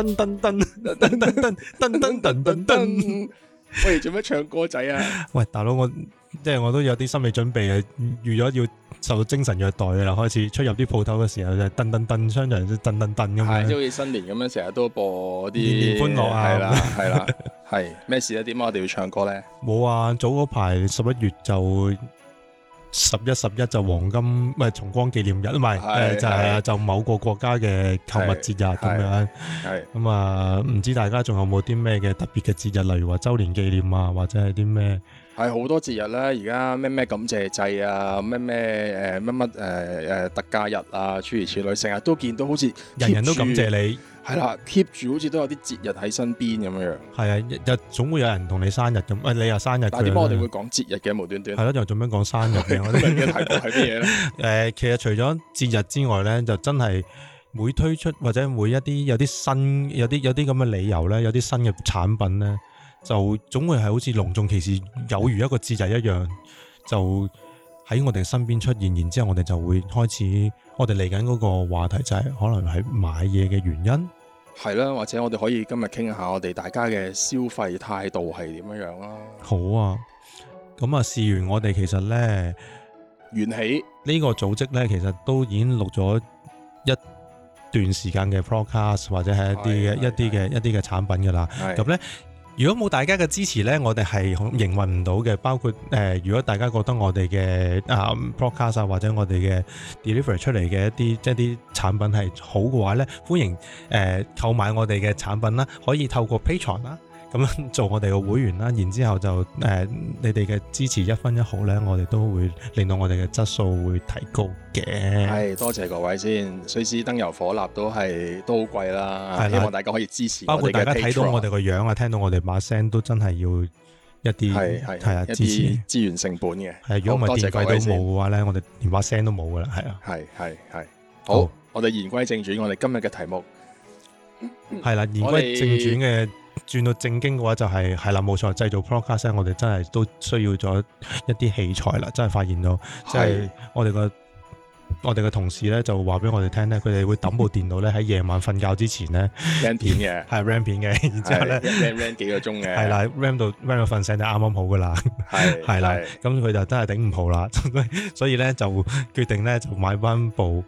噔噔噔噔噔噔噔噔噔噔噔，喂，做咩唱歌仔啊？喂，大佬，我即係我都有啲心理準備嘅，預咗要受到精神虐待嘅啦。開始出入啲鋪頭嘅時候就噔噔噔，商場就噔噔噔咁樣，係好似新年咁樣，成日都播啲歡樂啊，係啦，係啦，係咩事啊？點解我哋要唱歌咧？冇啊，早嗰排十一月就。十一十一就黃金唔係重光紀念日啊，唔係誒就係、是、是就某個國家嘅購物節日咁是樣。係咁啊，唔、嗯、知大家仲有冇啲咩嘅特別嘅節日，例如話周年紀念啊，或者係啲咩係好多節日啦。而家咩咩感謝祭啊，咩咩誒乜乜誒誒特價日啊，諸如此類，成日都見到好似人人都感謝你。係啦，keep 住好似都有啲節日喺身邊咁樣樣。係啊，有總會有人同你生日咁，唔、呃、你又生日。但點解我哋會講節日嘅無端端？係咯，就做咩講生日嘅？我哋嘅題目係咩嘢咧？誒、 呃，其實除咗節日之外咧，就真係每推出或者每一啲有啲新有啲有啲咁嘅理由咧，有啲新嘅產品咧，就總會係好似隆重其事，有如一個節日一樣就喺我哋身邊出現，然後之後我哋就會開始，我哋嚟緊嗰個話題就係可能係買嘢嘅原因，係啦，或者我哋可以今日傾下我哋大家嘅消費態度係點樣啦。好啊，咁啊，事完我哋其實呢，緣起呢個組織呢，其實都已經錄咗一段時間嘅 broadcast 或者係一啲嘅的一啲嘅的一啲嘅產品噶啦。咁的呢。如果冇大家嘅支持呢，我哋係營運唔到嘅。包括誒、呃、如果大家覺得我哋嘅啊 podcast、呃、啊，或者我哋嘅 deliver、er、出嚟嘅一啲即係啲產品係好嘅話呢，歡迎誒購、呃、買我哋嘅產品啦、啊，可以透過 Patreon 啦、啊。咁樣做我哋嘅會員啦，然之後就誒你哋嘅支持一分一毫咧，我哋都會令到我哋嘅質素會提高嘅。係多謝各位先，雖知燈油火蠟都係都好貴啦，希望大家可以支持。包括大家睇到我哋個樣啊，聽到我哋把聲都真係要一啲係啊，支持資源成本嘅。係如果咪電費都冇嘅話咧，我哋連把聲都冇噶啦，係啊，係係係。好，我哋言歸正傳，我哋今日嘅題目係啦，言歸正傳嘅。轉到正經嘅話就係、是、係啦，冇錯，製造 Podcast 我哋真係都需要咗一啲器材啦，真係發現到，即係的我哋個我哋個同事咧就話俾我哋聽咧，佢哋會抌部電腦咧喺夜晚瞓覺之前咧 ，Ram 片嘅，係的 Ram 片嘅，然之後咧 Ram Ram 幾個鐘嘅，係啦 Ram 度 Ram 到瞓醒就啱啱好噶啦，係係啦，咁佢的的就真係頂唔好啦， 所以咧就決定咧就買翻部。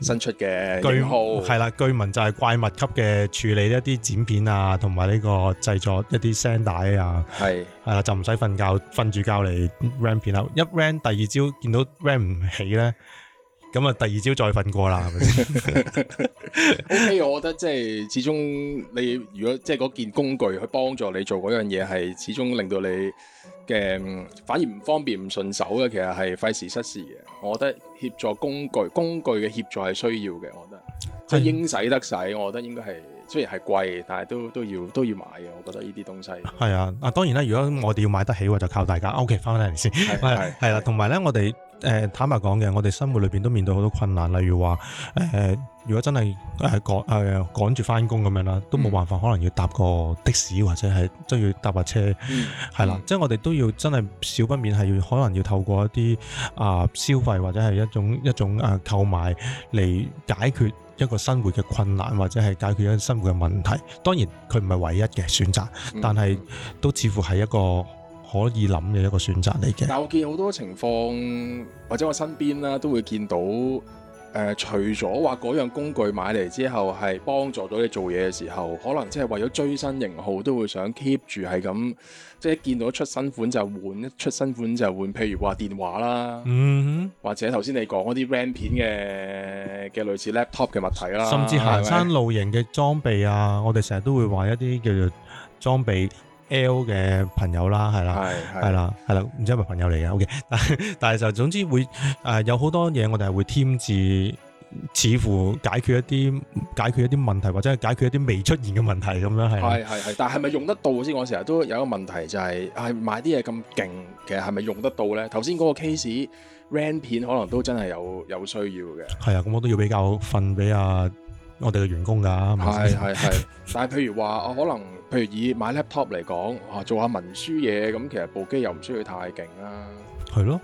新出嘅句號係啦，據聞就係怪物級嘅處理一啲剪片啊，同埋呢個製作一啲聲帶啊，係係啦，就唔使瞓覺，瞓住覺嚟 r a m 片啦、啊，一 r a m 第二朝見到 r a m 唔起咧。咁啊，第二朝再瞓過啦，係咪先？OK，我覺得即係始終你如果即係嗰件工具去幫助你做嗰樣嘢，係始終令到你嘅反而唔方便、唔順手嘅，其實係費事失事嘅。我覺得協助工具、工具嘅協助係需要嘅。我覺得即係的應使得使我得，我覺得應該係雖然係貴，但係都都要都要買嘅。我覺得呢啲東西係啊，啊當然啦，如果我哋要買得起，我就靠大家。OK，翻翻嚟先，係 啦的，同埋咧，我哋。誒、呃，坦白講嘅，我哋生活裏邊都面對好多困難，例如話，誒、呃，如果真係誒趕誒趕住返工咁樣啦，都冇辦法，可能要搭個的士或者係都要搭架車，係啦，即係我哋都要真係少不免係要可能要透過一啲啊、呃、消費或者係一種一種啊購買嚟，解決一個生活嘅困難或者係解決一個生活嘅問題。當然佢唔係唯一嘅選擇，但係都似乎係一個。可以諗嘅一個選擇嚟嘅。但我見好多情況，或者我身邊啦，都會見到誒、呃，除咗話嗰樣工具買嚟之後係幫助到你做嘢嘅時候，可能即係為咗追新型號，都會想 keep 住係咁，即係見到出新款就換，一出新款就換。譬如話電話啦，嗯哼，或者頭先你講嗰啲 RAM 片嘅嘅、嗯、哼類似 laptop 嘅物體啦，甚至行山露營嘅裝備啊，是是我哋成日都會話一啲叫做裝備。L 嘅朋友啦，係啦，係啦，係啦，唔知係咪朋友嚟嘅，OK。但係但係就總之會誒有好多嘢，我哋係會添置，似乎解決一啲解決一啲問題，或者係解決一啲未出現嘅問題咁樣係。係係係，但係係咪用得到先？我成日都有個問題就係係買啲嘢咁勁，其實係咪用得到咧？頭先嗰個 case RAM 片可能都真係有有需要嘅。係啊，咁我都要比較瞓俾啊。我哋嘅員工㗎，係係係。 但係譬如話啊，可能譬如以買 laptop 嚟講，啊做下文書嘢咁，其實部機又唔需要太勁啦。係咯，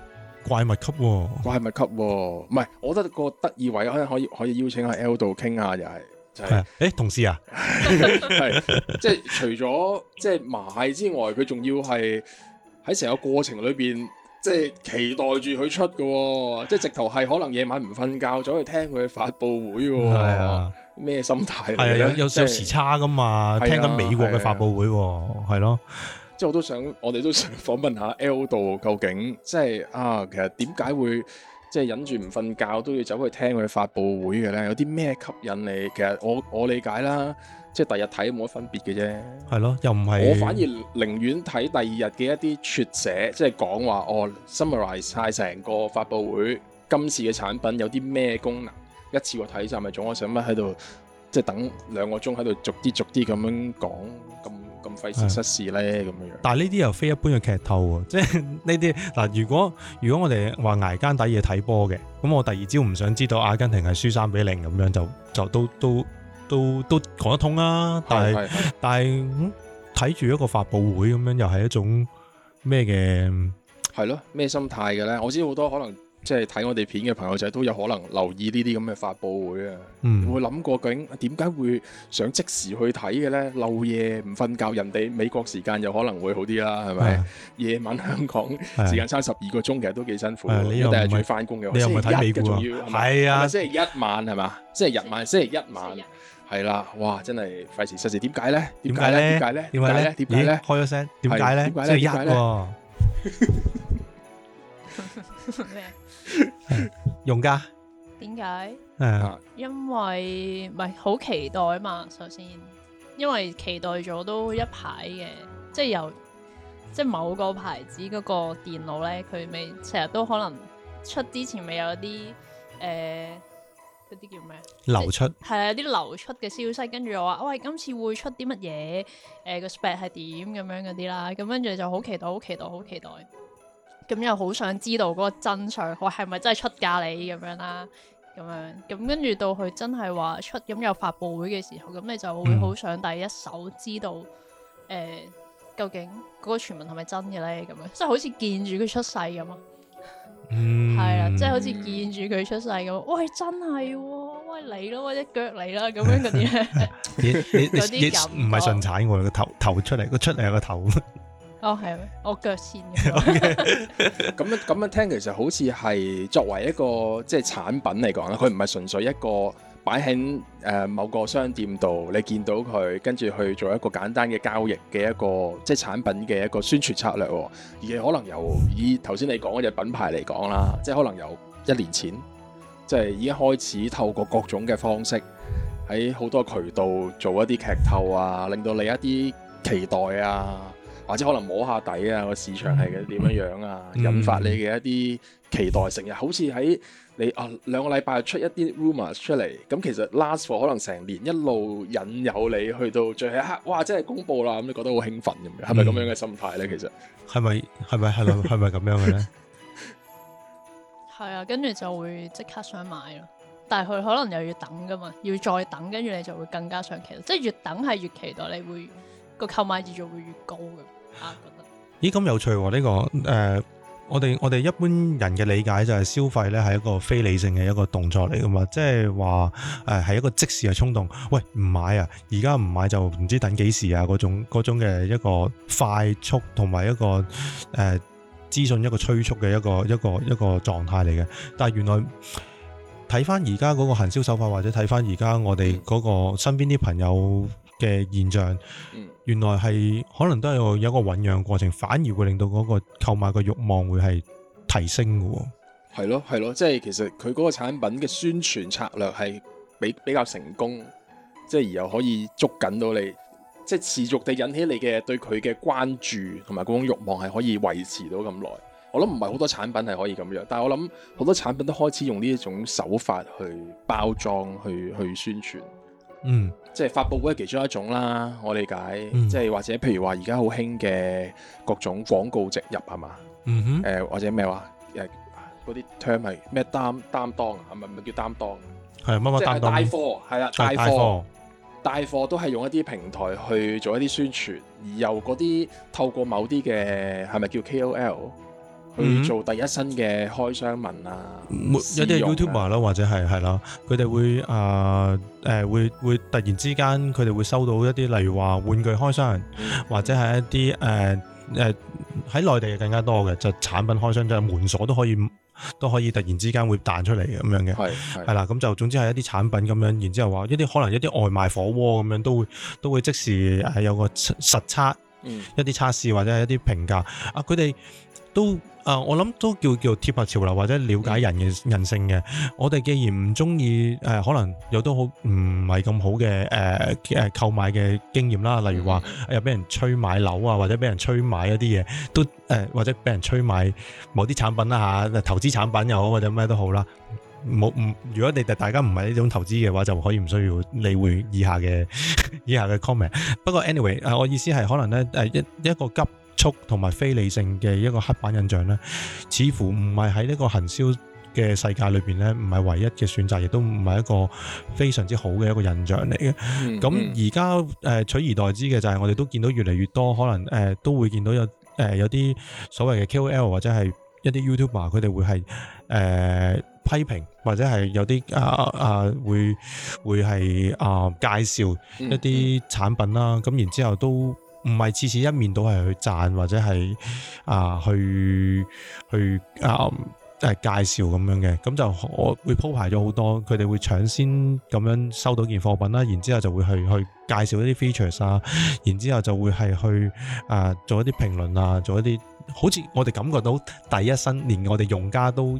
怪物級喎，怪物級喎，唔係，我覺得個得意位可以可以邀請喺 L 度傾下又係，係、就、誒、是欸、同事啊，係 即係除咗即係買之外，佢仲要係喺成個過程裏邊，即係期待住佢出嘅喎，即係直頭係可能夜晚唔瞓覺，走去聽佢嘅發佈會嘅喎。的咩心態？係啊，有有有時差㗎嘛，就是、聽緊美國嘅發佈會喎，係咯。即係我都想，我哋都想訪問下 L 度究竟，即係啊，其實點解會即係忍住唔瞓覺都要走去聽佢發佈會嘅咧？有啲咩吸引你？其實我我理解啦，即係第日睇冇乜分別嘅啫。係咯、啊，又唔係我反而寧願睇第二日嘅一啲撰寫，寫，即係講話哦，summarize 晒成個發佈會今次嘅產品有啲咩功能。一次過睇晒咪仲，我想乜喺度即係等兩個鐘喺度逐啲逐啲咁樣講，咁咁費事失事咧咁樣。但係呢啲又非一般嘅劇透喎，即係呢啲嗱，如果如果我哋話捱更抵夜睇波嘅，咁我第二朝唔想知道阿根廷係輸三比零咁樣就就都都都都，都講得通啦、啊。但係但係睇住一個發佈會咁樣又係一種咩嘅？係咯，咩心態嘅咧？我知好多可能。即係睇我哋片嘅朋友仔都有可能留意呢啲咁嘅發佈會啊！會諗過究竟點解會想即時去睇嘅咧？漏夜唔瞓覺，人哋美國時間又可能會好啲啦，係咪？夜晚香港時間差十二個鐘，其實都幾辛苦。你第日去翻工嘅話，即係一，仲要係啊！星期一晚係嘛？星期日晚，星期一晚，係啦！哇，真係費時失事，點解咧？點解咧？點解咧？點解咧？咦？開咗聲，點解咧？即係一。咩？ 用家？點解？係啊，因為唔係好期待嘛。首先，因為期待咗都一排嘅，即係由即係某個牌子嗰個電腦咧，佢未成日都可能出之前，未有啲誒嗰啲叫咩流出，係有啲流出嘅消息，跟住我話喂，今次會出啲乜嘢？誒、呃、個 spec 係點咁樣嗰啲啦？咁跟住就好期待，好期待，好期待。咁又好想知道嗰個真相，我係咪真係出嫁你咁樣啦？咁樣咁跟住到佢真係話出咁有發布會嘅時候，咁你就會好想第一手知道誒、嗯欸、究竟嗰個傳聞係咪真嘅咧？咁樣即係好似見住佢出世咁啊！係啦，即係好似見住佢出世咁。喂、嗯， 真係！喂 你， 你咯，一腳你啦，咁樣嗰啲。嗰啲唔係順產我，個頭頭出嚟，個出嚟個頭。哦，係，oh, yeah. 我腳先嘅咁樣咁樣聽，其實好似係作為一個即係產品嚟講啦，佢唔係純粹一個擺喺誒、呃、某個商店度，你見到佢跟住去做一個簡單嘅交易嘅一個即係產品嘅一個宣傳策略，而係可能由以頭先你講嗰隻品牌嚟講啦，即係可能由一年前即係、就是、已經開始透過各種嘅方式喺好多渠道做一啲劇透啊，令到你一啲期待啊。或者可能摸下底啊，個市場係嘅點樣樣啊，嗯、引發你嘅一啲期待成日，好似喺你啊兩個禮拜出一啲 rumors 出嚟，咁其實 last for 可能成年一路引誘你去到最後一刻、啊，哇！真係公布啦，咁你覺得好興奮，咁樣，係咪咁樣嘅心態咧？其實，係咪係咪係咪咁樣嘅咧？係 啊，跟住就會即刻想買咯，但係佢可能又要等噶嘛，要再等，跟住你就會更加想期待，即係越等係越期待，你會個購買，買意欲會越，越高嘅。咦，咁有趣呢，啊呢個誒、呃，我哋我哋一般人嘅理解就係消費咧係一個非理性嘅一個動作嚟噶嘛，即係話誒係一個即時嘅衝動，喂唔買啊，而家唔買就唔知等幾時啊嗰種嗰種嘅一個快速同埋一個誒資訊一個催促嘅一個一個一個狀態嚟嘅，但係原來睇翻而家嗰個行銷手法或者睇翻而家我哋嗰個身邊啲朋友嘅現象。嗯嗯原來係可能都係有一個醞釀過程，反而會令到嗰個購買嘅慾望會係提升㗎。係咯，係咯，即係其實佢嗰個產品嘅宣傳策略係比比較成功，即係而又可以捉緊到你，即係持續地引起你嘅對佢嘅關注，同埋嗰種慾望係可以維持到咁耐。我諗唔係好多產品係可以咁樣，但係我諗好多產品都開始用呢一種手法去包裝，去去宣傳。嗯。即係發佈會係其中一種啦，我理解。嗯、即係或者譬如話而家好興嘅各種廣告植入係嘛？誒、嗯哼呃、或者咩話？誒嗰啲 term 係咩擔擔當啊？係咪唔係叫擔當？係乜乜擔當？即係帶貨，係啦、啊，帶貨，帶貨，帶貨都係用一啲平台去做一啲宣傳，而由嗰啲透過某啲嘅係咪叫 KOL？去做第一身嘅開箱文啊，嗯、啊有啲 YouTuber 咯、啊，或者係係啦，佢哋會啊誒、呃，會會突然之間，佢哋會收到一啲例如話玩具開箱，嗯、或者係一啲誒誒喺內地更加多嘅，就係、產品開箱，嗯、就係門鎖都可以都可以突然之間會彈出嚟嘅咁樣嘅，係係啦，咁就總之係一啲產品咁樣，然後之後話一啲可能一啲外賣火鍋咁樣都會都會即時係有個實測，嗯、一啲測試或者係一啲評價，啊佢哋都。啊、呃，我諗都叫叫做貼合潮流或者了解人嘅人性嘅。我哋既然唔中意誒，可能有都好唔係咁好嘅誒誒購買嘅經驗啦。例如話又俾人催買樓啊，或者俾人催買一啲嘢，都誒或者俾人催買某啲產品啦嚇、啊。投資產品又好或者咩都好啦。冇唔如果你大大家唔係呢種投資嘅話，就可以唔需要理會以下嘅 以下嘅 comment。不過 anyway，我、呃呃、意思係可能咧誒一一個急。同埋非理性嘅一個刻板印象呢，似乎唔係喺呢個行銷嘅世界裏邊呢，唔係唯一嘅選擇，亦都唔係一個非常之好嘅一個印象嚟嘅。咁而家誒取而代之嘅就係我哋都見到越嚟越多，可能誒、呃、都會見到有誒、呃、有啲所謂嘅 KOL 或者係一啲 YouTuber，佢哋會係誒、呃、批評或者係有啲啊啊會會係啊、呃、介紹一啲產品啦。咁然之後都。嗯唔係次次一面倒係去讚或者係、呃呃、啊去去啊誒介紹咁樣嘅，咁就我會鋪排咗好多，佢哋會搶先咁樣收到件貨品啦，然之後就會去去介紹一啲 features 啊，然之後就會係去啊做一啲評論啊，做一啲好似我哋感覺到第一身連我哋用家都，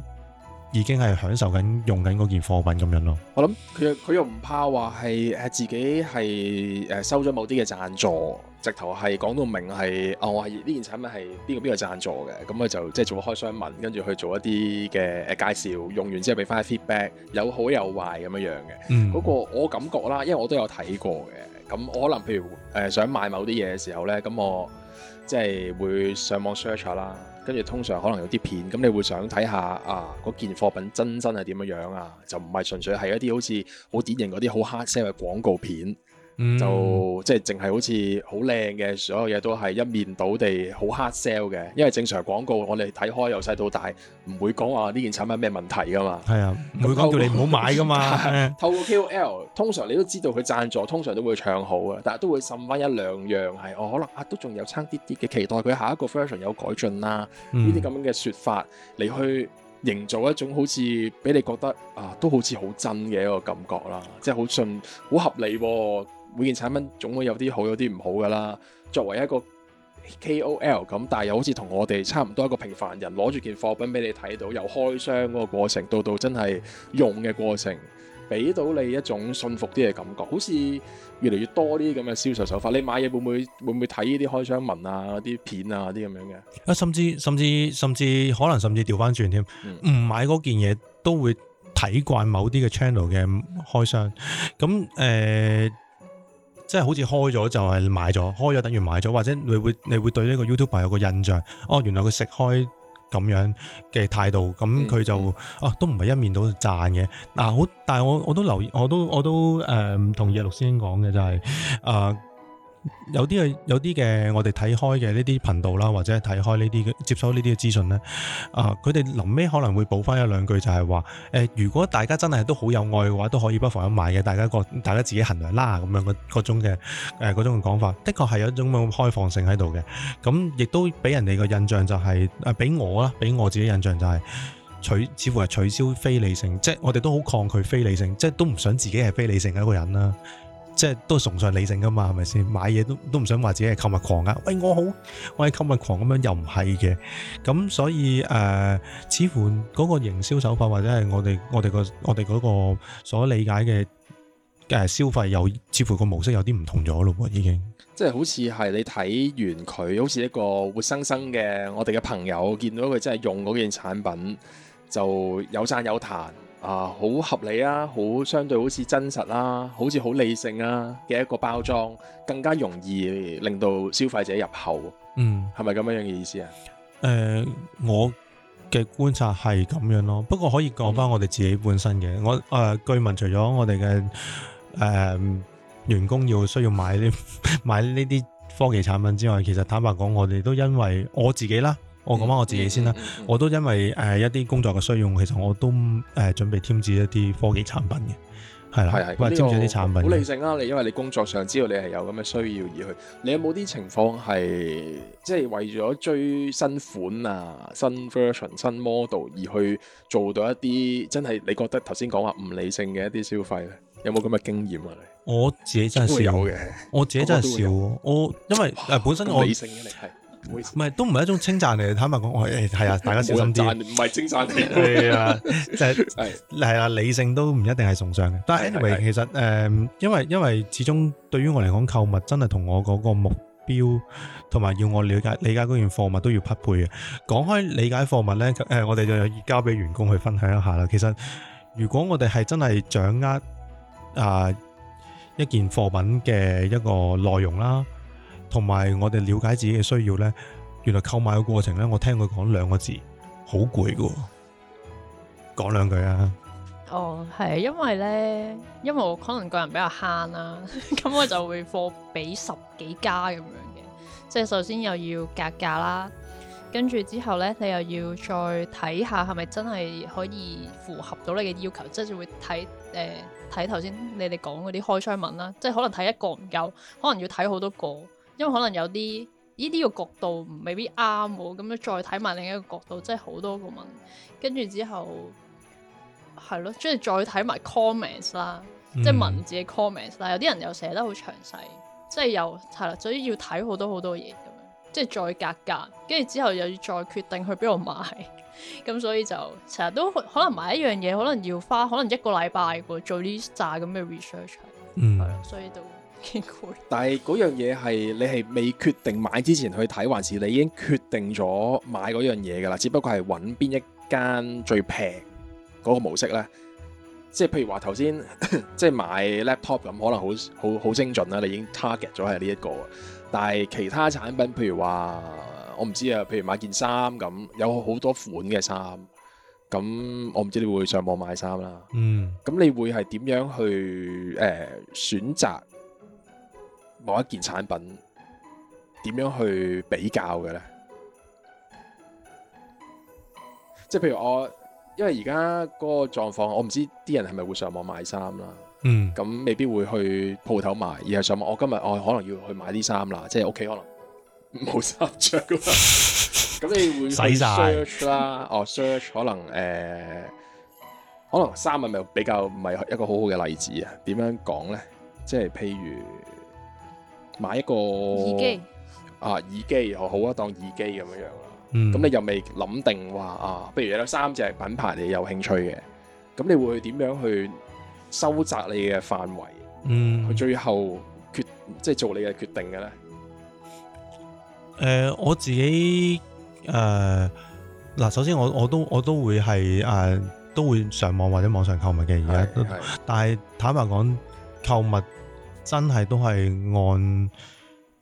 已經係享受緊用緊嗰件貨品咁樣咯。我諗佢佢又唔怕話係誒自己係誒收咗某啲嘅贊助，直頭係講到明係哦，我係呢件產品係邊個邊個贊助嘅，咁佢就即係做開箱文，跟住去做一啲嘅誒介紹。用完之後俾翻 feedback，有好有壞咁樣樣嘅。嗰、嗯、個我感覺啦，因為我都有睇過嘅。咁我可能譬如誒想買某啲嘢嘅時候咧，咁我即係會上網 search 啦。跟住通常可能有啲片，咁你會想睇下啊嗰件貨品真身係點樣樣啊？就唔係純粹係一啲好似好典型嗰啲好黑色嘅廣告片。Mm hmm. 就即係淨係好似好靚嘅，所有嘢都係一面倒地好 hard sell 嘅。因為正常廣告我哋睇開由細到大，唔會講話呢件產品咩問題噶嘛。係啊，唔會講叫你唔好買噶嘛。 透過 KOL 通常你都知道佢贊助，通常都會唱好嘅，但係都會滲翻一兩樣係哦，可能啊都仲有差啲啲嘅期待，佢下一個 version 有改進啦，呢啲咁樣嘅說法嚟去營造一種好似俾你覺得啊都好似好真嘅一個感覺啦，即係好順好合理。每件產品總會有啲好，有啲唔好㗎啦。作為一個 KOL 咁，但係又好似同我哋差唔多一個平凡人，攞住件貨品俾你睇到，由開箱嗰個過程，到到真係用嘅過程，俾到你一種信服啲嘅感覺。好似越嚟越多啲咁嘅銷售手法。你買嘢會唔會會唔會睇呢啲開箱文啊、啲片啊、啲咁樣嘅？啊，甚至甚至甚至可能甚至調返轉添，唔、嗯、買嗰件嘢都會睇慣，慣某啲嘅 channel 嘅開箱。咁誒？呃即係好似開咗就係買咗，開咗等於買咗，或者你會你會對呢個 YouTuber 有個印象，哦，原來佢食開咁樣嘅態度，咁、嗯、佢就啊、哦、都唔係一面倒讚嘅，嗱好，但係我我都留意，我都我都誒唔同意盧師兄講嘅就係啊。呃有啲嘅，有啲嘅，我哋睇開嘅呢啲頻道啦，或者睇開呢啲接收呢啲嘅資訊呢，啊、呃，佢哋臨尾可能會補翻一兩句就，就係話，誒，如果大家真係都好有愛嘅話，都可以不妨一買嘅，大家個，大家自己衡量啦，咁樣種嘅，誒，各種嘅講、呃、法，的確係有一種咁開放性喺度嘅，咁亦都俾人哋嘅印象就係、是，誒、啊，俾我啦，俾我自己印象就係、是，取，似乎係取消非理性，即係我哋都好抗拒非理性，即係都唔想自己係非理性嘅一個人啦。即係都崇尚理性噶嘛，係咪先？買嘢都都唔想話自己係購物狂噶。喂，我好，我係購物狂咁樣又唔係嘅。咁所以誒、呃，似乎嗰個營銷手法或者係我哋我哋、嗰個我哋嗰個所理解嘅誒消費有，又似乎個模式有啲唔同咗咯，已經。即係好似係你睇完佢，好似一個活生生嘅我哋嘅朋友，見到佢真係用嗰件產品就有讚有彈。啊，好合理啊，好相對好似真實啦、啊，好似好理性啊嘅一個包裝，更加容易令到消費者入口、啊。嗯，係咪咁樣嘅意思啊？誒、呃，我嘅觀察係咁樣咯。不過可以講翻我哋自己本身嘅，嗯、我誒據聞除咗我哋嘅誒員工要需要買啲買呢啲科技產品之外，其實坦白講，我哋都因為我自己啦。我講翻我自己先啦、嗯，嗯嗯、我都因為誒一啲工作嘅需要，其實我都誒準備添置一啲科技產品嘅，係啦，係係，添置啲產品，好理性啊！你因為你工作上知道你係有咁嘅需要而去，你有冇啲情況係即係為咗追新款啊、新 version、新 model 而去做到一啲真係你覺得頭先講話唔理性嘅一啲消費咧？有冇咁嘅經驗啊？我自己真係少嘅，我自己真係少，我因為、呃、本身我理性嘅你係。唔係，都唔係一種稱讚嚟。坦白講，我係係啊，大家小心啲。讚唔係稱讚嚟。係啊，就係係係啊，理性都唔一定係崇尚嘅。但係 anyway，其實誒，因為因為始終對於我嚟講，購物真係同我嗰個目標同埋要我瞭解理解嗰件貨物都要匹配嘅。講開理解貨物咧，誒，我哋就要交俾員工去分享一下啦。其實如果我哋係真係掌握啊一件貨品嘅一個內容啦。同埋，我哋了解自己嘅需要呢，原來購買嘅過程呢，我聽佢講兩個字，好攰嘅。講兩句啊。哦，係因為呢，因為我可能個人比較慳啦、啊，咁 我就會貨比十幾家咁樣嘅。即係首先又要格價啦，跟住之後呢，你又要再睇下係咪真係可以符合到你嘅要求，即係會睇誒睇頭先你哋講嗰啲開箱文啦，即係可能睇一個唔夠，可能要睇好多個。因為可能有啲呢啲個角度未必啱，咁樣再睇埋另一個角度，即係好多個問。跟住之後係咯、嗯，即係再睇埋 comments 啦，即係文字嘅 comments 啦。有啲人又寫得好詳細，即係又係啦。所以要睇好多好多嘢，咁樣即係再格價。跟住之後又要再決定去邊度買，咁 所以就成日都可能買一樣嘢，可能要花可能一個禮拜喎做呢扎咁嘅 research。嗯，係啦，所以就。但係嗰樣嘢，係你係未決定買之前去睇，還是你已經決定咗買嗰樣嘢噶啦？只不過係揾邊一間最平嗰個模式呢？即係譬如話頭先， 即係買 laptop 咁，可能好好好精準啦，你已經 target 咗係呢、這、一個。但係其他產品，譬如話我唔知啊，譬如買件衫咁，有好多款嘅衫。咁我唔知你會上網買衫啦。嗯。咁你會係點樣去誒、呃、選擇？某一件產品點樣去比較嘅咧？即係譬如我，因為而家嗰個狀況，我唔知啲人係咪會上網買衫啦。嗯，咁未必會去鋪頭買，而係上網。我今日我可能要去買啲衫 啦，即係屋企可能冇衫着嘅話，咁你會 search 啦。哦，search 可能誒，可能衫係咪比較唔係一個好好嘅例子啊？點樣講咧？即係譬如。買一個耳機啊，耳機，好耳機、嗯、又好啊，當耳機咁樣樣啦。咁你又未諗定話啊？不如有三隻係品牌你有興趣嘅，咁你會點樣去收窄你嘅範圍？嗯，去最後決即係、就是、做你嘅決定嘅咧。誒、呃，我自己誒嗱、呃，首先我我都我都會係誒、呃、都會上網或者網上購物嘅而家都，的但係坦白講購物。真係都係按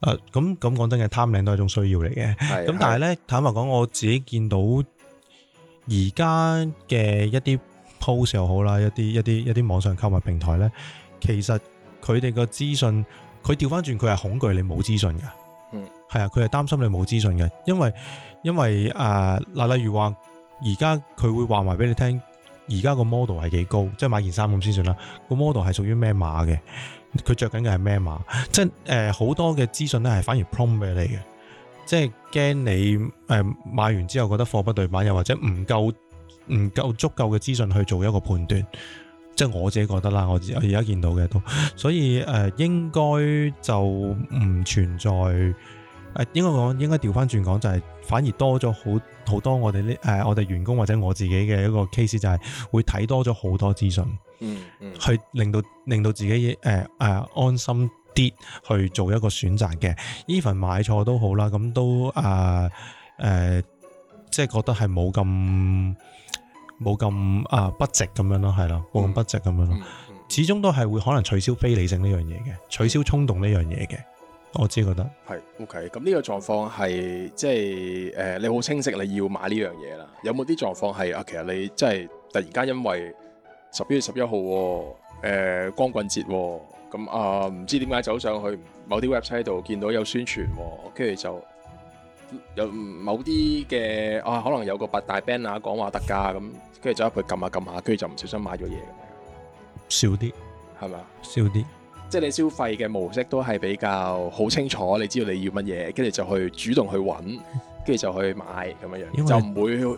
誒咁咁講真嘅貪靚都係一種需要嚟嘅。咁是但係呢，的坦白講，我自己見到而家嘅一啲 post 又好啦，一啲一啲一啲網上購物平台呢，其實佢哋個資訊佢調翻轉，佢係恐懼你冇資訊㗎。嗯，係啊，佢係擔心你冇資訊嘅，因為因為誒嗱、呃，例如話而家佢會話埋俾你聽，而家個 model 係幾高，即係買件衫咁先算啦。個 model 係屬於咩碼嘅？佢着緊嘅係咩碼？即係誒好多嘅資訊咧，係反而 prom 俾你嘅，即係驚你誒、呃、買完之後覺得貨不對版，又或者唔夠唔夠足夠嘅資訊去做一個判斷。即係我自己覺得啦，我而家見到嘅都，所以誒、呃、應該就唔存在誒、呃，應該講應該調返轉講就係反而多咗好好多我哋呢誒我哋員工或者我自己嘅一個 case，就係會睇多咗好多資訊。嗯，嗯去令到令到自己誒誒、呃啊、安心啲去做一個選擇嘅，even 買錯都好啦，咁都啊誒、呃呃，即係覺得係冇咁冇咁啊不值咁樣咯，係咯，冇咁不值咁樣咯，嗯嗯嗯嗯、始終都係會可能取消非理性呢樣嘢嘅，取消衝動呢樣嘢嘅，我只係覺得係 OK，咁呢個狀況係即係誒，你好清晰你要買呢樣嘢啦，有冇啲狀況係啊？其實你即係突然間因為。十一月十一號，誒、呃、光棍節，咁啊唔知點解走上去某啲 website 度見到有宣傳，跟住就有某啲嘅啊，可能有個八大 banner 啊講話特價，咁跟住走入去撳下撳下，跟住就唔小心買咗嘢。咁少啲係咪？吧少啲點，即係你消費嘅模式都係比較好清楚，你知道你要乜嘢，跟住就去主動去揾，跟住 就去買咁樣樣，為就唔會。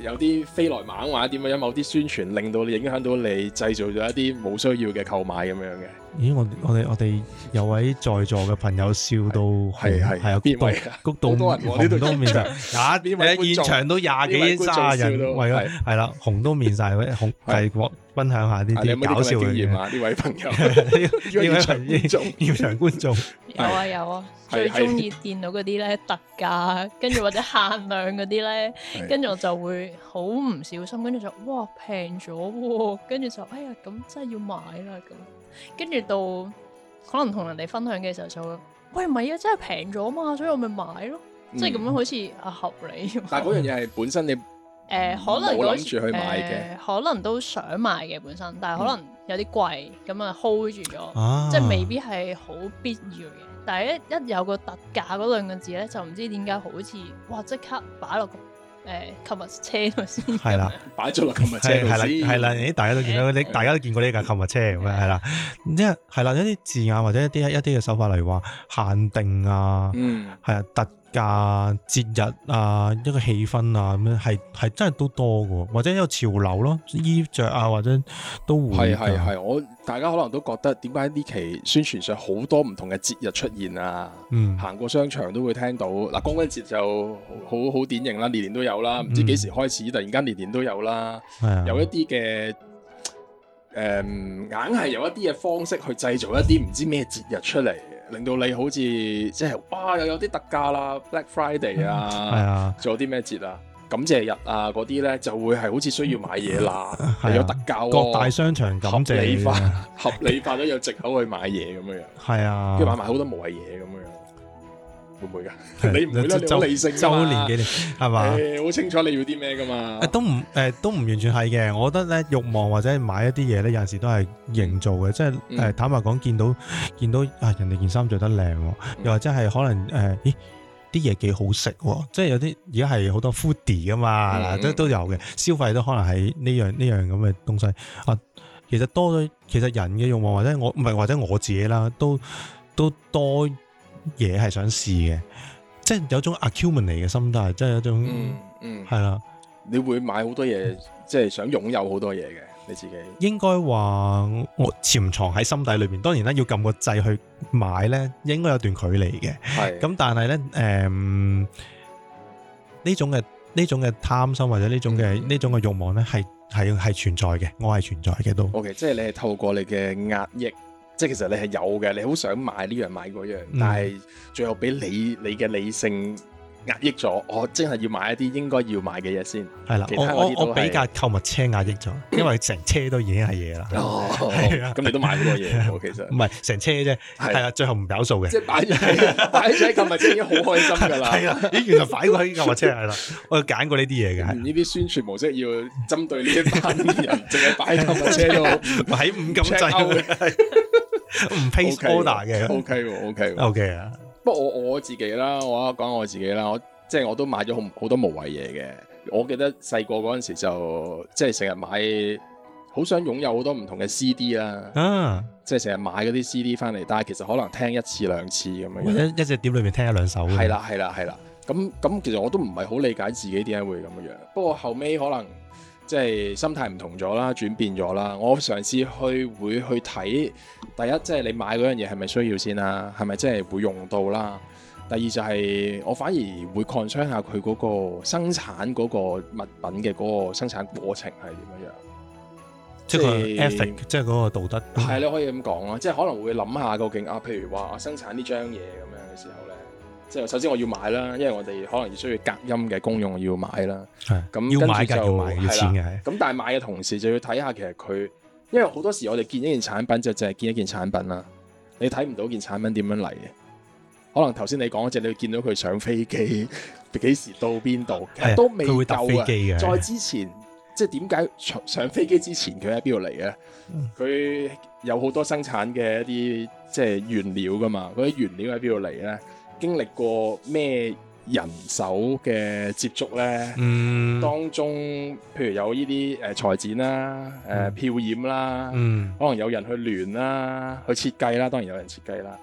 有啲飛來猛或者點樣？因為某啲宣傳令到你影響到你，製造咗一啲冇需要嘅購買咁樣嘅。咦！我我哋我哋有位在座嘅朋友笑到係係係啊，谷到谷到，紅都面晒。啊！現場都廿幾卅人，係啦，紅都面晒。喂，紅繼續分享下呢啲搞笑嘅嘢。呢位朋友，呢位觀眾，現場觀眾有啊有啊，最中意見到嗰啲咧特價，跟住或者限量嗰啲咧，跟住我就會好唔小心，跟住就哇平咗喎，跟住就哎呀咁真係要買啦咁。跟住到可能同人哋分享嘅時候就覺得，喂唔係啊，真係平咗嘛，所以我咪買咯，嗯、即係咁樣好似啊合理。但係嗰樣嘢係本身你誒、呃、可能冇諗住去買嘅、呃，可能都想買嘅本身，但係可能有啲貴咁啊 hold 住咗，嗯、即係未必係好必要嘅。但係一一有個特價嗰兩個字咧，就唔知點解好似哇即刻擺落個。誒購物車咪係啦，擺咗落購物車度啦，係啦，大家都見到，你大家都見過呢架購物車咁樣係啦，一係啦，有啲字眼、啊、或者一啲一啲嘅手法嚟話限定啊，嗯、係啊，特。假節日啊，一個氣氛啊，咁樣係係真係都多嘅，或者一個潮流咯，衣着啊，或者都會係係係，我大家可能都覺得點解呢期宣傳上好多唔同嘅節日出現啊？嗯，行過商場都會聽到嗱，光、啊、棍節就好好典型啦，年年都有啦，唔知幾時開始突然間年年都有啦。嗯，有一啲嘅，誒，啊，硬係，嗯，有一啲嘅方式去製造一啲唔知咩節日出嚟。令到你好似即係哇又有啲特價啦，Black Friday 啊，仲、係啊、有啲咩節啊，感謝日啊嗰啲咧就會係好似需要買嘢啦，係啊、有特價、哦，各大商場感合理化 合理化咗有藉口去買嘢咁樣樣，係啊，跟住買埋好多無謂嘢咁樣。 會唔會噶？周 你唔會啦，你有理性啊嘛？周年紀念係嘛？好、欸、清楚你要啲咩噶嘛？誒、呃，都唔誒，都唔完全係嘅。我覺得咧，欲望或者係買一啲嘢咧，有陣時都係營造嘅。即係誒，嗯、坦白講，見到見到啊，人哋件衫着得靚、哦，又、嗯、或者係可能誒、呃，咦，啲嘢幾好食，即係有啲而家係好多 foodie 噶嘛，都、嗯、都有嘅消費都可能係呢樣呢樣咁嘅東西。啊，其實多咗，其實人嘅欲望或者我唔係或，或者我自己啦，都都，都，都多。嘢係想試嘅，即係有種 accumulate 嚟嘅心態，即係有種，係、嗯、啦，的你會買好多嘢，嗯、即係想擁有好多嘢嘅，你自己應該話我潛藏喺心底裏面。當然啦，要撳個掣去買咧，應該有段距離嘅。係咁是，但係咧，誒、嗯，呢種嘅呢種嘅貪心或者呢種嘅呢、嗯、種嘅欲望咧，係係係存在嘅，我係存在嘅都。O、okay, K，即係你係透過你嘅壓抑。即係其實你係有嘅，你好想買呢樣買嗰樣，但係最後俾你你嘅理性壓抑咗。我真係要買一啲應該要買嘅嘢先。係啦，我我我俾架購物車壓抑咗，因為成車都已經係嘢啦。哦，係啊，咁你都買咗嘢，其實唔係成車啫。係啊，最後唔搞數嘅。即係擺喺擺喺購物車已經好開心噶啦。係啦，原來擺過喺購物車係啦，我揀過呢啲嘢嘅。呢啲宣傳模式要針對呢一班人，淨係擺喺購物車度，擺五金制。唔 pace order 嘅，OK，OK，OK 啊！不過我我自己啦，我講我自己啦，我即係我都買咗好好多無謂嘢嘅。我記得細個嗰陣時就即係成日買，好想擁有好多唔同嘅 CD 啦、啊。啊、即係成日買嗰啲 CD 翻嚟，但係其實可能聽一次兩次咁樣，哦、一一隻碟裏面聽一兩首。係啦，係啦，係啦。咁咁，其實我都唔係好理解自己點解會咁樣。不過後尾可能。即係心態唔同咗啦，轉變咗啦。我嘗試去會去睇第一，即係你買樣嘢係咪需要先啦、啊？係咪即係會用到啦？第二就係我反而會 concern 下佢個生產個物品嘅個生產過程係點樣樣，即係 ethic 即係是個道德。係、嗯、你可以咁講啦。即係可能會諗下究竟啊，譬如話生產呢張嘢咁樣嘅時候。即首先我要買啦，因為我哋可能要需要隔音嘅公用要買啦。係，咁要買就要買，嗯、要咁但係買嘅同時就要睇的的下其實佢，因為好多時我哋見一件產品就淨係見一件產品啦。你睇唔到件產品點樣嚟嘅？可能頭先你講嗰隻，你會見到佢上飛機幾時到邊度，嗯、都未。佢會搭飛機嘅。再之前，的即係點解上飛機之前佢喺邊度嚟嘅？佢、嗯、有好多生產嘅一啲即係原料㗎嘛？嗰啲原料喺邊度嚟咧？經歷過咩人手嘅接觸咧？嗯，當中譬如有呢啲誒裁剪啦、誒漂染啦，嗯，可能有人去亂啦、去設計啦，當然有人設計啦，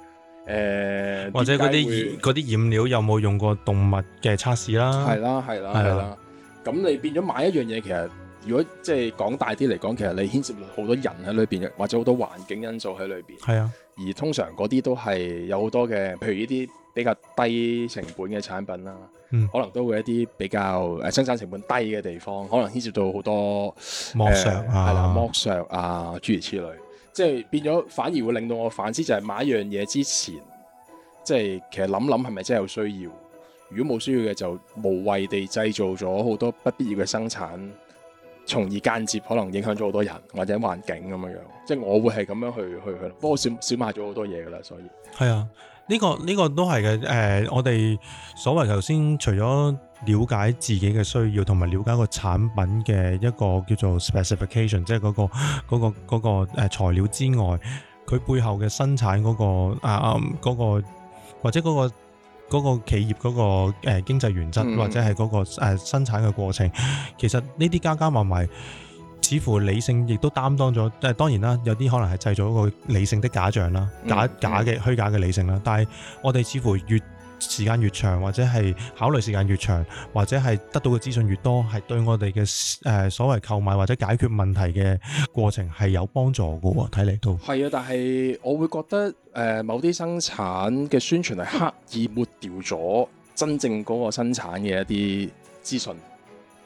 誒，或者嗰啲染啲染料有冇用過動物嘅測試啦？係啦，係啦，係啦。咁你變咗買一樣嘢，其實如果即係講大啲嚟講，其實你牽涉好多人喺裏邊，或者好多環境因素喺裏邊。係啊，而通常嗰啲都係有好多嘅，譬如呢啲。比較低成本嘅產品啦，嗯、可能都會一啲比較生產成本低嘅地方，可能牽涉到好多剝削，係啦，剝削啊、呃、剝削啊諸如此類，即係變咗反而會令到我反思，就係買一樣嘢之前，即係其實諗諗係咪真係有需要？如果冇需要嘅，就無謂地製造咗好多不必要嘅生產，從而間接可能影響咗好多人或者環境咁樣樣。即係我會係咁樣去去去，不過少少買咗好多嘢㗎啦，所以係啊。呢、這個呢、這個都係嘅，誒、呃，我哋所謂頭先除咗了，了解自己嘅需要，同埋了解個產品嘅一個叫做 specification，即係嗰、那個嗰、那個那個那個材料之外，佢背後嘅生產嗰、那個啊嗰、啊那個、或者嗰、那個那個企業嗰、那個誒、呃、經濟原則，嗯、或者係嗰、那個、呃、生產嘅過程，其實呢啲加加埋埋。似乎理性亦都擔當咗，即係當然啦，有啲可能係製造一個理性的假象啦，假假嘅虛假嘅理性啦。但係我哋似乎越時間越長，或者係考慮時間越長，或者係得到嘅資訊越多，係對我哋嘅誒所謂購買或者解決問題嘅過程係有幫助嘅喎。睇嚟都係啊。但係我會覺得誒、呃、某啲生產嘅宣傳係刻意抹掉咗真正嗰個生產嘅一啲資訊。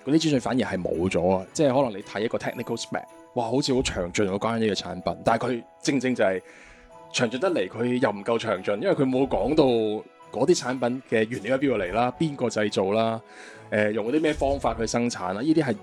嗰啲資訊反而係冇咗啊！即係可能你睇一個 technical spec，哇，好似好詳盡，嘅關於呢個產品，但係佢正正就係、是、詳盡得嚟，佢又唔夠詳盡，因為佢冇講到嗰啲產品嘅原料喺邊度嚟啦，邊個製造啦，誒、呃，用嗰啲咩方法去生產啦。呢啲係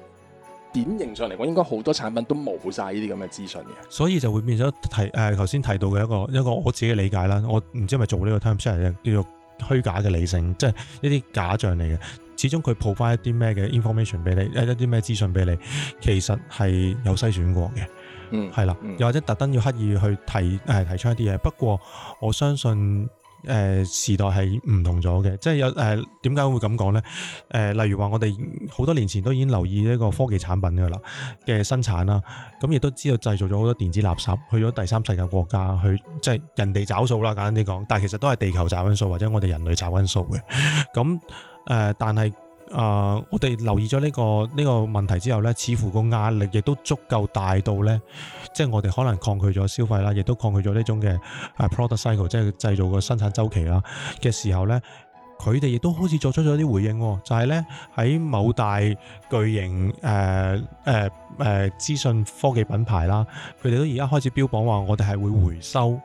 典型上嚟講，應該好多產品都冇晒呢啲咁嘅資訊嘅。所以就會變咗提誒頭先提到嘅一個一個我自己嘅理解啦。我唔知係咪做呢個 time share 叫做虛假嘅理性，即係一啲假象嚟嘅。始終佢報返一啲咩嘅 information 俾你，一啲咩資訊俾你，其實係有篩選過嘅，嗯，係啦，又或者特登要刻意去提誒、呃、提出一啲嘢。不過我相信誒、呃、時代係唔同咗嘅，即係有誒點解會咁講咧？誒、呃，例如話我哋好多年前都已經留意呢個科技產品噶啦嘅生產啦，咁亦都知道製造咗好多電子垃,垃圾去咗第三世界國家去，即係人哋找數啦，簡單啲講，但係其實都係地球找緊數，或者我哋人類找緊數嘅咁。嗯嗯誒、呃，但係啊、呃，我哋留意咗呢、這個呢、這個問題之後咧，似乎個壓力亦都足夠大到呢，即係我哋可能抗拒咗消費啦，亦都抗拒咗呢種嘅啊 product cycle，即係製造個生產周期啦嘅時候呢，佢哋亦都開始作出咗啲回應、哦，就係、是、呢，喺某大巨型誒誒誒資訊科技品牌啦，佢哋都而家開始標榜話我哋係會回收。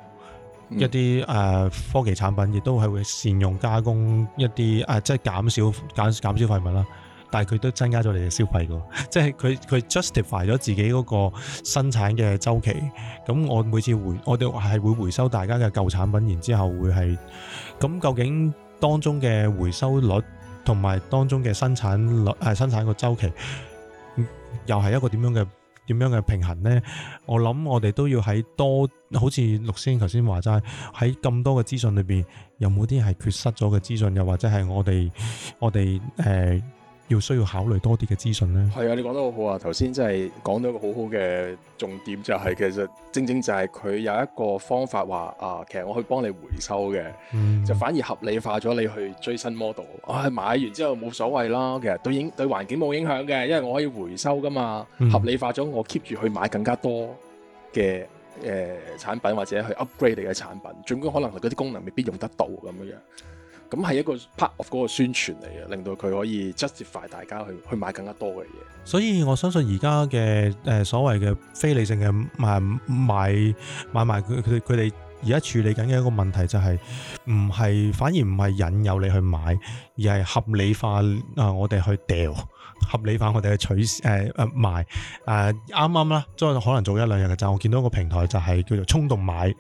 一啲誒科技產品，亦都係會善用加工一啲誒、啊，即係減少減減少廢物啦。但係佢都增加咗你嘅消費喎，即係佢佢 justify 咗自己嗰個生產嘅周期。咁我每次回，我哋係會回收大家嘅舊產品，然之後會係。咁究竟當中嘅回收率同埋當中嘅生產率誒、啊、生產個周期，又係一個點樣嘅？點樣嘅平衡呢？我諗我哋都要喺多好似六星頭先話齋，喺咁多嘅資訊裏邊，有冇啲係缺失咗嘅資訊？又或者係我哋我哋誒，呃要需要考慮多啲嘅資訊呢？係啊！你講得好好啊，頭先真係講到一個好好嘅重點，就係，就係其實正正就係佢有一個方法話啊，其實我可以幫你回收嘅，嗯、就反而合理化咗你去追新 model。啊，買完之後冇所謂啦，其實對影對環境冇影響嘅，因為我可以回收噶嘛，嗯、合理化咗我 keep 住去買更加多嘅誒、呃、產品或者去 upgrade 你嘅產品，儘管可能嗰啲功能未必用得到咁樣。咁係一個 part of 嗰個宣傳嚟嘅，令到佢可以 justify 大家去去買更加多嘅嘢。所以我相信而家嘅誒所謂嘅非理性嘅買買買買，佢佢佢哋而家處理緊嘅一個問題就係唔係反而唔係引誘你去買，而係合理化啊！我哋去掉。合理化我哋嘅取誒誒賣誒啱啱啦，即可能做一兩日嘅站，我見到個平台就係叫做衝動買，誒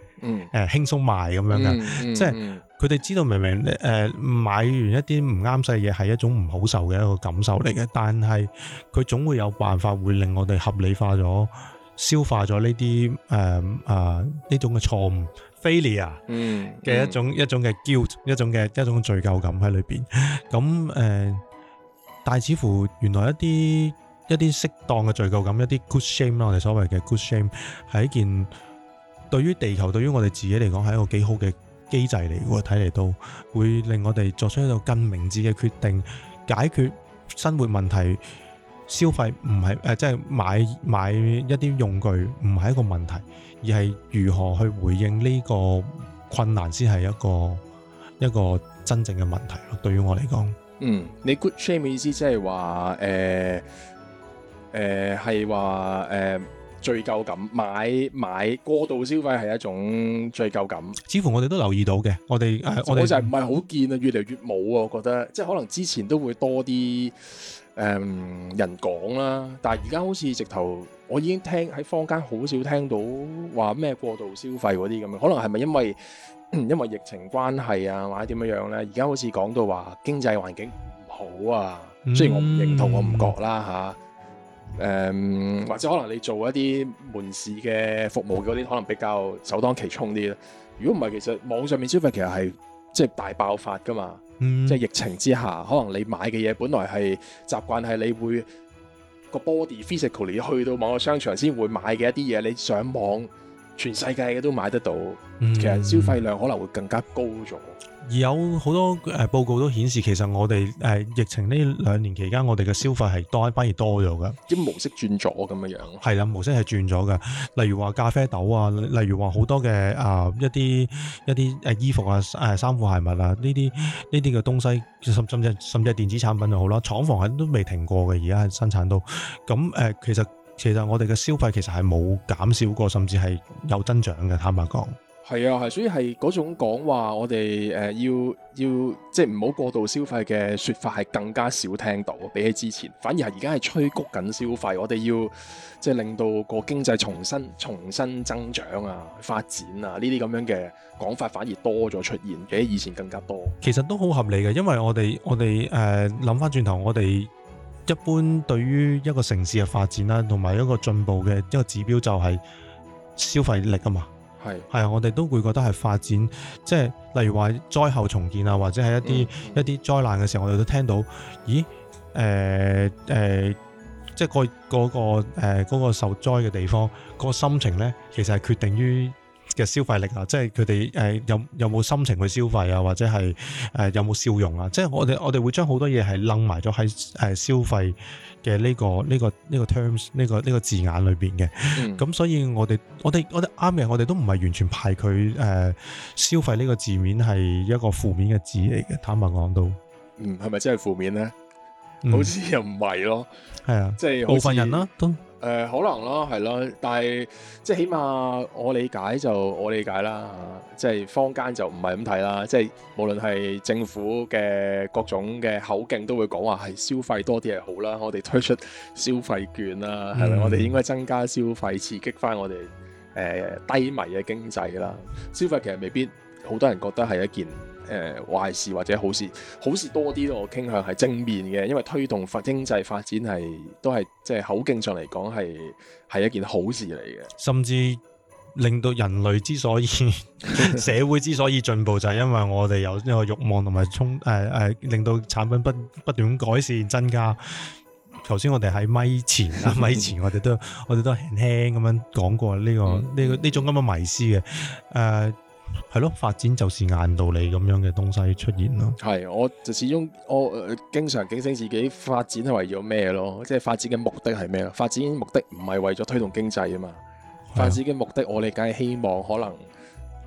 輕鬆賣咁樣嘅，即係佢哋知道明明誒買完一啲唔啱晒嘢係一種唔好受嘅一個感受嚟嘅，但係佢總會有辦法會令我哋合理化咗、消化咗呢啲誒啊呢種嘅錯誤 failure 嘅一種一種嘅 guilt，一種嘅一種罪疚感喺裏邊，咁誒。但似乎原來一啲一啲適當嘅罪疚感，一啲 good shame 啦，我哋所謂嘅 good shame 係一件對於地球、對於我哋自己嚟講係一個幾好嘅機制嚟嘅喎。睇嚟都會令我哋作出一個更明智嘅決定，解決生活問題。消費唔係誒，即係買買一啲用具唔係一個問題，而係如何去回應呢個困難先係一個一個真正嘅問題咯。對於我嚟講。嗯，你 good shame 嘅意思即係話誒誒係話誒，罪疚感，買買過度消費係一種罪疚感。似乎我哋都留意到嘅，我哋誒，我就唔係好見啊，越嚟越冇啊，我覺得，即係可能之前都會多啲誒、呃、人講啦，但係而家好似直頭，我已經聽喺坊間好少聽到話咩過度消費嗰啲咁，可能係咪因為？因為疫情關係啊，或者點樣樣呢，而家好似講到話經濟環境唔好啊，嗯、雖然我唔認同，我唔覺啦嚇。誒、啊嗯，或者可能你做一啲門市嘅服務嗰啲，可能比較首當其衝啲啦。如果唔係，其實網上面消費其實係即係大爆發噶嘛。嗯、即係疫情之下，可能你買嘅嘢，本來係習慣係你會個 body physically 去到某個商場先會買嘅一啲嘢，你上網。全世界嘅都買得到，其實消費量可能會更加高咗。而有好多誒報告都顯示，其實我哋誒疫情呢兩年期間，我哋嘅消費係多，反而多咗嘅。啲模式轉咗咁樣樣。係啦，模式係轉咗嘅。例如話咖啡豆啊，例如話好多嘅啊一啲一啲誒衣服啊誒衫褲鞋襪啊呢啲呢啲嘅東西，甚甚至甚至係電子產品就好啦，廠房係都未停過嘅，而家生產到咁誒，其實。其實我哋嘅消費其實係冇減少過，甚至係有增長嘅。坦白講，係啊，係，所以係嗰種講話我哋誒要要即係唔好過度消費嘅說法係更加少聽到，比起之前，反而係而家係催谷緊消費，我哋要即係令到個經濟重新重新增長啊、發展啊呢啲咁樣嘅講法反而多咗出現，比起以前更加多。其實都好合理嘅，因為我哋我哋誒諗翻轉頭，我哋。呃一般對於一個城市嘅發展啦，同埋一個進步嘅一個指標就係消費力啊嘛。係係啊，我哋都會覺得係發展，即係例如話災後重建啊，或者係一啲一啲災難嘅時候，嗯、我哋都聽到，咦誒誒、呃呃，即係、嗰個嗰、嗰個呃嗰個受災嘅地方嗰、嗰個心情呢，其實係決定於嘅消費力啊，即係佢哋誒有有冇心情去消費啊，或者係誒有冇笑容啊？即係我哋我哋會將好多嘢係擸埋咗喺誒消費嘅呢、呢個呢、呢個呢、呢個 terms 呢、呢個呢、呢個字眼裏邊嘅。咁、嗯、所以我，我哋我哋我哋啱嘅，我哋都唔係完全排佢誒、呃、消費呢個字面係一個負面嘅字嚟嘅。坦白講都，嗯，係咪真係負面咧？嗯、好似又唔係咯，係啊，即係部分人啦、啊、都。誒、呃、可能咯，係咯，但係即係起碼我理解就我理解啦，啊、即係坊間就唔係咁睇啦，即係無論係政府嘅各種嘅口徑，都會講話係消費多啲係好啦，我哋推出消費券啦，係咪，嗯？我哋應該增加消費，刺激翻我哋誒、呃、低迷嘅經濟啦。消費其實未必好多人覺得係一件。誒、呃、壞事或者好事，好事多啲咯。我傾向係正面嘅，因為推動發經濟發展係都係即係口徑上嚟講係係一件好事嚟嘅。甚至令到人類之所以 社會之所以進步，就係因為我哋有呢個欲望同埋衝誒誒，令到產品不不斷改善增加。頭先我哋喺咪前啊，咪 前我哋都我哋都輕輕咁樣講過呢、這個呢個呢種咁嘅迷思嘅誒。呃呃係咯，發展就是硬道理咁樣嘅東西出現咯。係，我就始終我經常警醒自己發發的的，發展係為咗咩咯？即係發展嘅目的係咩？發展嘅目的唔係為咗推動經濟啊嘛。發展嘅目的，我理解希望可能誒、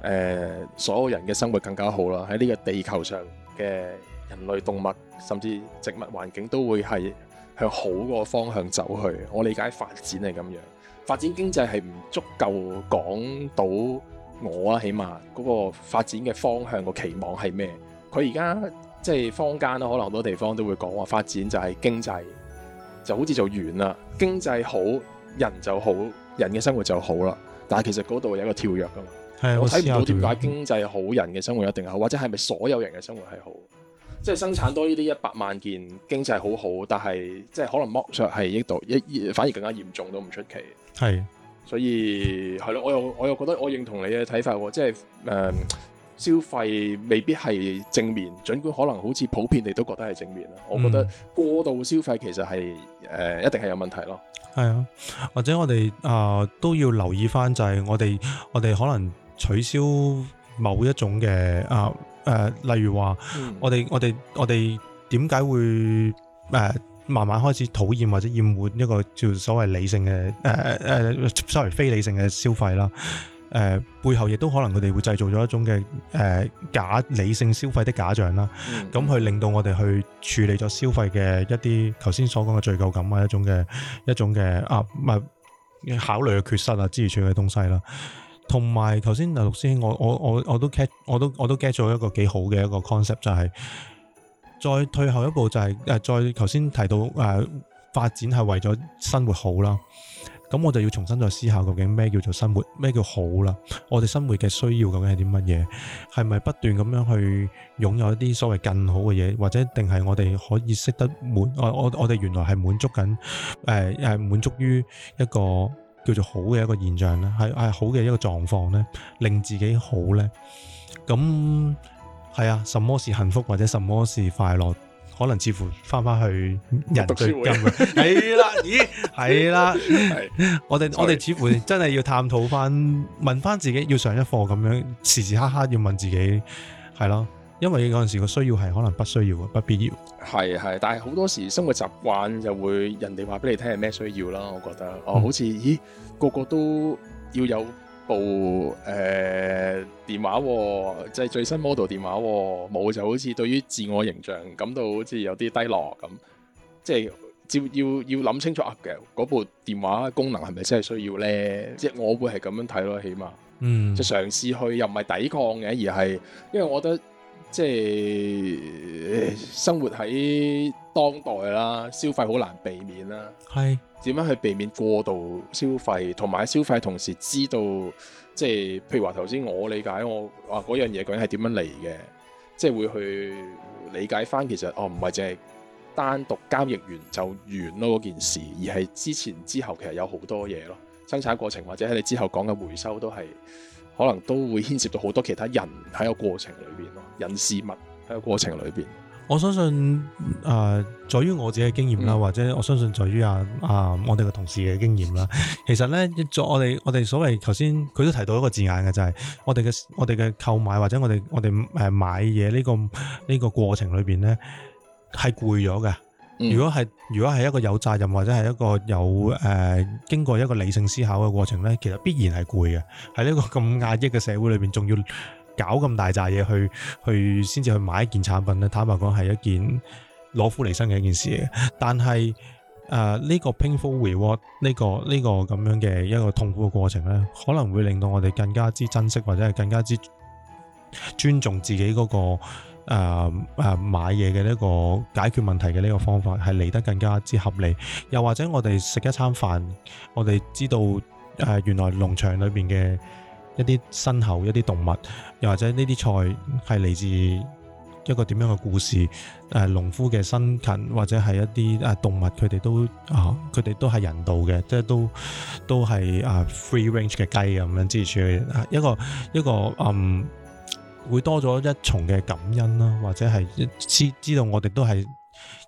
呃，所有人嘅生活更加好啦。喺呢個地球上嘅人類動物，甚至植物環境，都會係向好個方向走去。我理解發展係咁樣，發展經濟係唔足夠講到。我啊，起碼嗰個發展嘅方向個期望係咩？佢而家即係坊間咯，可能好多地方都會講話發展就係經濟，就好似做完啦。經濟好，人就好，人嘅生活就好啦。但係其實嗰度有一個跳躍噶嘛，係。我睇唔到點解經濟好，人嘅生活一定好，或者係咪所有人嘅生活係好。即係生產多呢啲一百萬件，經濟好好，但係即係可能剝削係益度，一反而更加嚴重都唔出奇。係。所以係咯，我又我又覺得我認同你嘅睇法喎，即係誒、呃、消費未必係正面，儘管可能好似普遍你都覺得係正面咯。嗯、我覺得過度消費其實係誒、呃、一定係有問題咯。係啊，或者我哋啊、呃、都要留意返就係我哋我哋可能取消某一種嘅啊誒，例如話、嗯、我哋我哋我哋點解會誒？呃慢慢開始討厭或者厭惡一個叫所謂理性嘅、呃呃、sorry 非理性嘅消費啦。誒、呃、背後亦都可能佢哋會製造咗一種嘅誒、呃、假理性消費的假象啦。咁、嗯、去令到我哋去處理咗消費嘅一啲頭先所講嘅罪疚感啊，一種嘅一種嘅啊唔係考慮嘅缺失啊，支持嘅東西啦。同埋頭先劉六師兄，我我我我都 get 我都我都 get 咗一個幾好嘅一個 concept 就係、是。再退後一步就係誒，再頭先提到誒發展係為咗生活好啦。咁我就要重新再思考，究竟咩叫做生活，咩叫好啦？我哋生活嘅需要究竟係啲乜嘢？係咪不斷咁樣去擁有一啲所謂更好嘅嘢，或者定係我哋可以識得滿？我我我哋原來係滿足緊誒誒滿足於一個叫做好嘅一個現象咧，係係好嘅一個狀況咧，令自己好咧。咁。係啊，什麼是幸福或者什麼是快樂？可能似乎翻翻去人最基本，係啦、 啊，咦，係啦，我哋我哋似乎真係要探討翻，問翻自己，要上一課咁樣，時時刻刻要問自己，係咯、啊，因為有陣時個需要係可能不需要，不必要，係係，但係好多時生活習慣就會人哋話俾你聽係咩需要啦，我覺得、嗯、哦，好似咦，個個都要有。部誒、嗯、電話喎，即係最新 model 電話喎，冇就好似對於自我形象感到好似有啲低落咁，即係要要要諗清楚啊，嘅嗰部電話功能係咪真係需要咧？即係我會係咁樣睇咯，起碼嗯，即係嘗試去又唔係抵抗嘅，而係因為我覺得即係生活喺當代啦，消費好難避免啦，係。點樣去避免過度消費，同埋消費同時知道，即係譬如話頭先，我理解我話嗰樣嘢究竟係點樣嚟嘅，即係會去理解返其實哦，唔係淨係單獨交易完就完咯嗰件事，而係之前之後其實有好多嘢咯，生產過程或者喺你之後講嘅回收都係可能都會牽涉到好多其他人喺個過程裏邊咯，人事物喺個過程裏邊。我相信誒，在於我自己嘅經驗啦，或者我相信在於啊啊，我哋嘅同事嘅經驗啦。其實呢，在我哋我哋所謂頭先，佢都提到一個字眼嘅，就係我哋嘅我哋嘅購買或者我哋我哋誒買嘢呢個呢個過程裏邊呢，係攰咗嘅。如果係，如果係一個有責任或者係一個有誒經過一個理性思考嘅過程呢，其實必然係攰嘅。喺呢個咁壓抑嘅社會裏邊仲要。搞咁大扎嘢，去去先至去買一件產品咧，坦白講係一件攞苦嚟生嘅一件事。但係誒呢個 painful reward 呢個呢個咁樣嘅一個痛苦嘅過程呢，可能會令到我哋更加之珍惜或者係更加之尊重自己嗰個誒誒、呃、買嘢嘅呢個解決問題嘅呢個方法係嚟得更加之合理。又或者我哋食一餐飯，我哋知道誒、呃、原來農場裏邊嘅。一啲牲口、一啲動物，又或者呢啲菜係嚟自一個點樣嘅故事？誒、呃，農夫嘅辛勤，或者係一啲啊、呃、動物佢哋都啊，佢哋都係人道嘅，即係都都係啊 free range 嘅雞咁樣之處。一個一個嗯，會多咗一重嘅感恩啦，或者係知知道我哋都係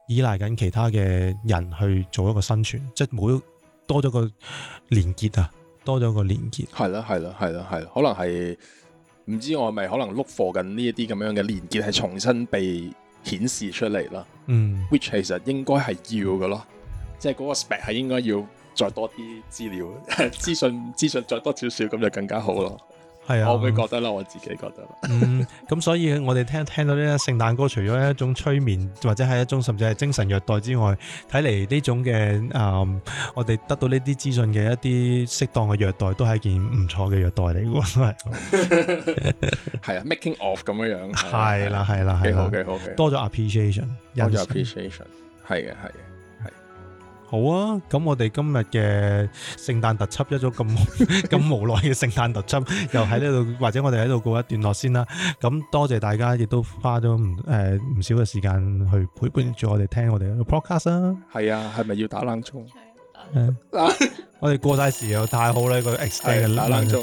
依賴緊其他嘅人去做一個生存，即係每多咗個連結啊。多咗個連結，係咯，係咯，係咯，係咯，可能係唔知我係咪可能 look for 緊呢一啲咁樣嘅連結，係重新被顯示出嚟啦。嗯，which 其實應該係要嘅咯，即係嗰個 spec 係應該要再多啲資料、資訊、資訊再多少少咁就更加好咯。係啊，我會覺得啦，我自己覺得啦。嗯，咁所以我哋聽聽到呢啲聖誕歌，除咗一種催眠，或者係一種甚至係精神虐待之外，睇嚟呢種嘅啊，我哋得到呢啲資訊嘅一啲適當嘅虐待，都係一件唔錯嘅虐待嚟喎，都係。係啊，making of 咁樣樣。係啦，係啦，幾好幾好嘅，多咗 appreciation，有咗 appreciation，係嘅，係嘅。好啊，咁我哋今日嘅聖誕特輯一咗咁咁無奈嘅聖誕特輯，又喺呢度，或者我哋喺度告一段落先啦。咁多謝大家，亦都花咗唔誒唔少嘅時間去陪伴住我哋聽我哋嘅 podcast 啊。係啊，係咪要打冷鐘？係啊，我哋過晒時又太好啦，個 X Day 打冷鐘。